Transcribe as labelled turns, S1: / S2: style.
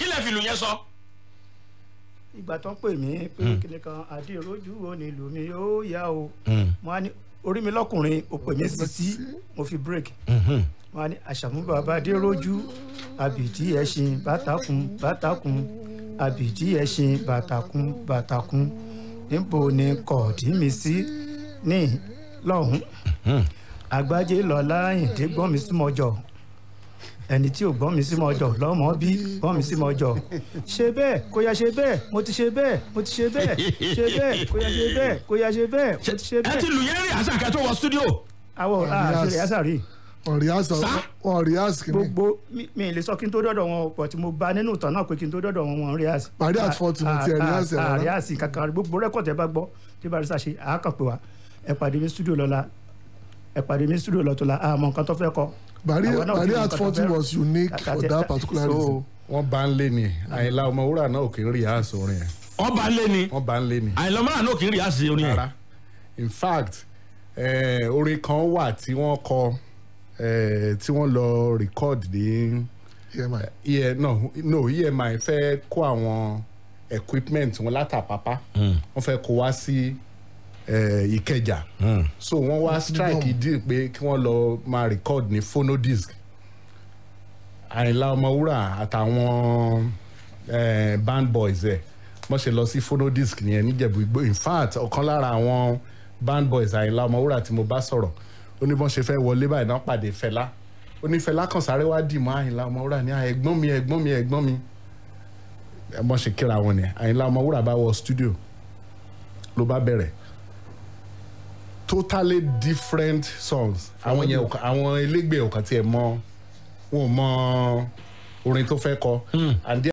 S1: kí lẹ fìlù yẹn sọ. ìgbà tó ń pè mí pé hmm. kìnìkan àdìrójú onílù mi ó yá o mo hmm. á ní orí mi lọkùnrin òpè mi sisi hmm. mo fi break wọn á ní àṣàmú bàbá dé rójú àbìdí ẹṣin bàtàkùn bàtàkùn àbìdí ẹṣin bàtàkùn bàtàkùn níbo ni kọ̀ọ̀dí mi sí ní lọ́hùn-ún àgbájé lọ́lá ìdígbọ́n mi súnmọ́jọ́ ẹni tí ò gbọ́n mi sí mọ́jọ lọ́mọ bí gbọ́n mi sí mọ́jọ. ṣe bẹ́ẹ̀ kó yá ṣe bẹ́ẹ̀ mo ti ṣe bẹ́ẹ̀ mo ti ṣe bẹ́ẹ̀ ṣe bẹ́ẹ̀ kó yá ṣe bẹ́ẹ̀ kó yá ṣe bẹ́ẹ̀ mo ti ṣe bẹ́ẹ̀. ẹ ti lù yẹn rí àṣà kẹtọ wọ studio. awọ àṣírí àṣà rí. ọ̀ríyàsọ ọ̀ríyàsọ kìíní. gbogbo mi ì lè sọ kí n tó dọ́dọ̀ wọn pọ̀ tí mo bá nínú ìtàn náà pé kí n tó dọ́dọ̀ wọn wọn ríyàsì. parí àtúfọ̀tì mo studio lọ́la ẹ pàdé ní studio lọ́tọ̀la àmọ́ nǹkan tó fẹ́ kọ. Bari Bari at forty was unique for that particular reason.
S2: wọ́n bá ń lé ni àyìnlá ọmọ wúrà náà kì í rí àásù orin yẹn. wọ́n bá ń lé ni wọ́n bá ń lé ni àyìnlá ọmọ wúrà náà kì í rí àásù orin yẹn. in fact orin kan wà tí wọ́n kọ tí wọ́n lọ record ní e e no EMI fẹ́ kó àwọn equipment wọn látàpápá hmm. wọ́n fẹ́ kó wá sí. Si, ìkẹjà eh, hmm. so wọ́n wá strike deal pé kí wọ́n lọ máa record ní phonodisc àyìnlá ọmọwúrà àtàwọn eh, band boys ẹ̀ wọ́n ṣe lọ sí phonodisc nìyẹn níjẹ̀bú igbó in fact ọ̀kan lára àwọn band boys àyìnlá ọmọwúrà tí mo bá sọ̀rọ̀ ó ní bọ́n ṣe fẹ́ wọlé báyìí náà pàdé fẹlá ó ní fẹlá kan sáré wá dì mọ́ àyìnlá ọmọwúrà ní ah, ẹ̀gbọ́n mi ẹ̀gbọ́n mi ẹ̀gbọ́n mi wọ́n ṣe kíra wọn ni àyìnlá ọmọwúrà bá wọ studio ló bá bẹ̀rẹ̀ totally different songs àwọn yẹn àwọn elégbè ọ̀kan tiẹ̀ mọ wọn ò mọ orin tó fẹ́ kọ. Hmm.